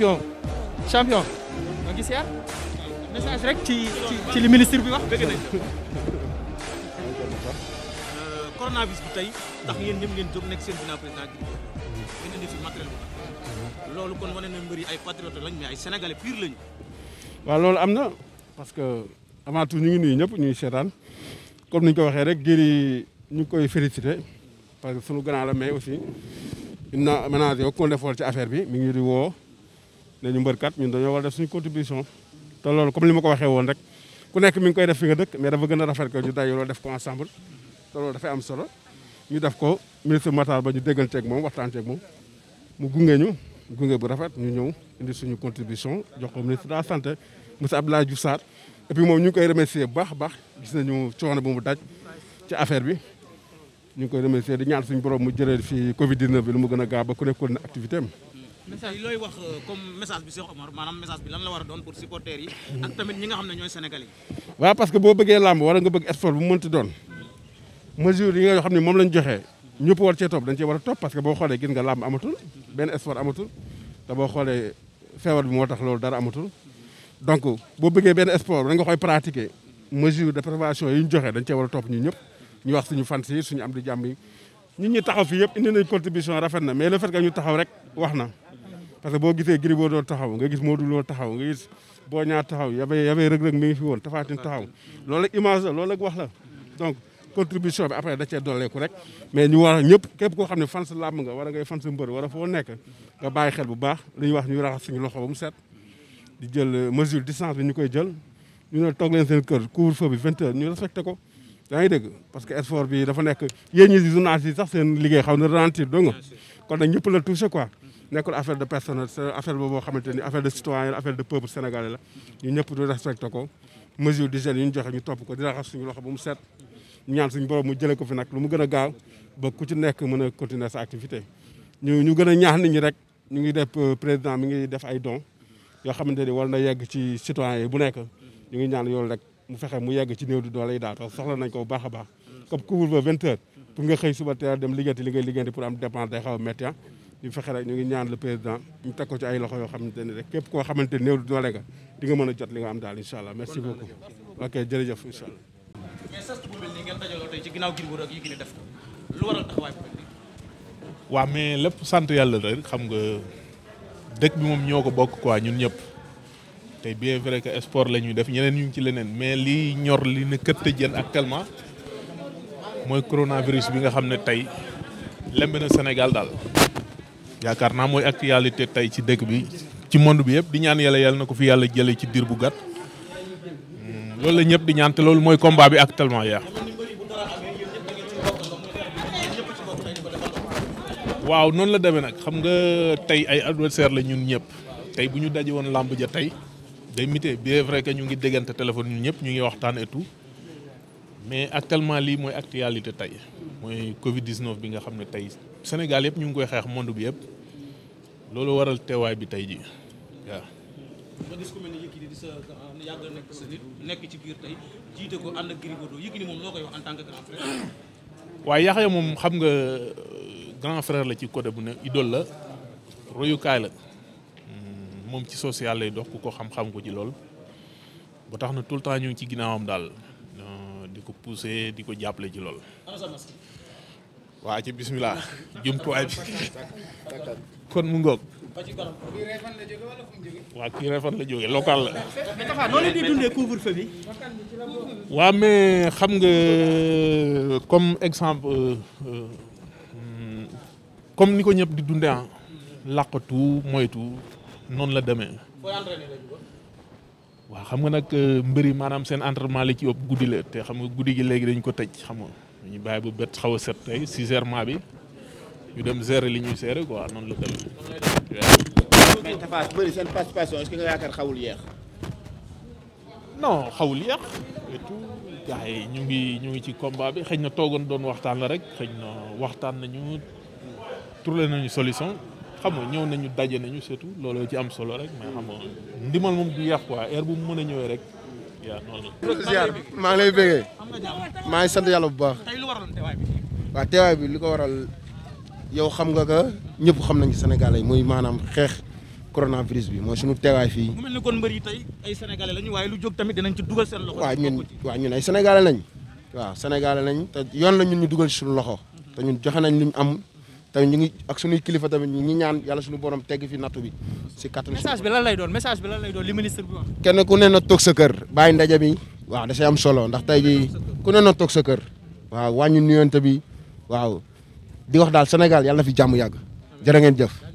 champion champion ma ngi siyaar message euh, ay patriote lañ mais waaw loolu am na parce que avant tout ñu ngi nuyu ñëpp ñuy seetaan comme ni ko waxee rek giri ñu koy félicité parce que sunu grand la mais aussi il na ménage aucun effort ci affaire bi mu ngi di woo ne ñu mbërkat ñun dañoo war def suñu contribution te loolu comme li ma ko waxee woon rek ku nekk mi ngi koy def fi nga dëkk mais dafa gën a rafet ko ñu dajaloo def ko ensemble te loolu dafay am solo ñu def ko ministre Matar ba ñu dégganteeg moom waxtaanteeg moom mu gunge ñu gunge bu rafet ñu ñëw indi suñu contribution jox ko ministre de la santé monsieur Abdoulaye Diouf Sarr et puis moom ñu ngi koy remercier bu baax a baax gis nañu coono bu mu daj ci affaire bi ñu ngi koy remercier di ñaan suñu borom mu jëlee fii Covid 19 bi lu mu gën a gaaw ba ku nekkoon na activité am message looy wax euh, comme message bi Cheikh Omar maanaam message bi lan la war a doon pour supporters yi. ak tamit ñi nga xam ne ñooy sénégalais yi. waaw parce que boo bëggee làmb war nga bëgg sport bu mu mënti doon mesure yi nga xam ne moom lañ joxe ñëpp war cee topp a topp parce que boo xoolee gis nga làmb amatul benn sport amatul boo xoolee feebar moo tax loolu dara amatul donc boo bëggee benn sport da nga koy pratiquer mesure de prévention yi ñu joxe dañ cee war a topp ñu ñëpp ñu wax suñu fans yi suñu am di jàmm yi ñu ñi taxaw fii yëpp indi nañ contribution rafet na mais le fait que ñu taxaw rek wax na. parce que boo gisee Gris Bordeaux taxaw nga gis Modou Lo taxaw nga gis Boy Niang taxaw yabee yabee Reug Reug ngi fi woon Tapha Tine taxaw loolu ak image la loolu wax la donc contribution bi après da cee dolleeku rek mais ñu war a ñëpp képp koo xam ne fans làmb nga war a ngay fans mbër war a foo nekk nga bàyyi xel bu baax li ñuy wax ñu raxas suñu jël euh, mesure distance bi ñu koy jël ñu ne toog leen seen kër couvre-feu bi 20 ñu respecté ko yaa ngi dégg parce que effort bi dafa nekk yéen ñi journalistes yi sax seen liggéey xaw na ralentir doo nga kon nag quoi nekk affaire de personnel c'est affaire boo xamante ni affaire de citoyen affaire de peuple sénégalais la ñu ñëpp du respecté ko mesure d'hygiène yi ñu joxe ñu topp ko di raxas suñu loxo ba mu set ñaan suñu borom mu jëlee ko fi nag lu mu gën a gaaw ba ku ci nekk mën a activité ñu ñu gën a ñaax nit ñi rek ñu ngi def euh, président mi ngi def ay don yoo xamante ni war na yegg ci citoyen yi bu nekk ñu ngi ñaan yoolu rek mu fexe mu yegg ci néew di doole yi daal parce que soxla nañ ko bu baax a baax comme couvre-feu vingt heures pour nga xëy suba teel dem liggéeyati li ñu fexe rek ñu ngi ñaan le président ñu teg ci ay loxo yoo xamante ne rek képp koo xamante néew doole nga di mën a jot li nga am daal incha allah merci beaucoup ok jërëjëf incha allah. mais bu mel mais lépp sant yàlla rek xam nga dëkk bi moom ñoo ko bokk waa ñun ñëpp tey bien vrai que sport la ñuy def ñeneen ñu ngi ci leneen mais li ñor li na këtt jën actuellement mooy coronavirus bi nga xam ne tey lembe na Sénégal daal. yaakaar naa mooy actualité tey ci dëkk bi ci monde bi yëpp di ñaan yàlla yàlla na ko fi yàlla jëlee ci diir bu gàtt hmm, loolu la ñëpp di ñaan te loolu mooy combat bi actuellement yaa waaw noonu la demee nag xam nga tey ay adversaire la ñun ñëpp tey bu ñu daje woon làmb ja tey day mité bien vrai que ñu ngi déggante téléphone ñun ñëpp ñu ngi waxtaan et mais actuellement lii mooy actualité tey mooy Covid 19 bi nga xam ne tey. Sénégal yëpp ñu ngi koy xeex monde bi yëpp loolu waral teewaay bi tey jii waaw. ci biir jiite ko ànd ak Gris Bordeaux moom loo koy wax en tant grand frère. xam nga grand la ci côté bu ne idole la royukaay la moom ci social lay dox ku ko xam-xam ko ci lool ba tax na tout le temps ñu ngi ci ginnaawam daal di ko pousser di ko jàppale ci lool. waa ci bismillah jumtuwaay bi kon mu ngoog. waa kii refan la jógee local la. mais di dundee couvre feu waa mais xam nga comme exemple euh, comme ni ko ñëpp di dundee ah. làqatu moytu noonu la demee. waa xam nga nag euh, mbëri maanaam seen entraînement la ci ëpp guddi la te xam nga guddi gi léegi dañ ko tëj xam nga. ñu bàyyi bu bët xaw set tey si gèrement bi ñu dem gérer li ñuy gérer quoi noonu la demee. mais Tapha bëri seen participation est-ce nga yaakaar xawul yeex. non xawul yeex et tout yi ñu ngi ñu ngi ci combat bi xëy na toogoon doon waxtaan la rek xëy na waxtaan nañu trouvé nañu solution. xam nga ñëw nañu daje nañu surtout looloo ci am solo rek mais xam nga ndimal moom du yeex quoi heure bu mu mën ñëwee rek. maa ngi lay bëggee maa ngi sant yàlla bu baax waaw teewaay bi li ko waral yow xam nga que ñëpp xam nañ ci Sénégal yi muy maanaam xeex coronavirus bi mooy suñu teewaay fii. mu mel ni kon mbër yi tey ay sénégalais lañu waaye lu jóg tamit dinañ ci dugal seen loxo. waaw ñun waaw ñun ay sénégalais lañ. waaw sénégalais lañ te yoon la ñun ñu dugal ci suñu loxo te lu ñu tamit ñu ngi ak suñuy kilifa tamit ñu ngi ñaan yàlla suñu borom tegg fi nattu bi si kattan message bi lan lay doon message bi lan lay doon li ku ne na toog sa kër bàyyi ndaje bi waaw da am solo ndax tey ji ku ne na toog sa kër waaw wàññi nuyonte bi waaw di wax daal Sénégal yàlla fi jàmm yàgg jërë ngeen jëf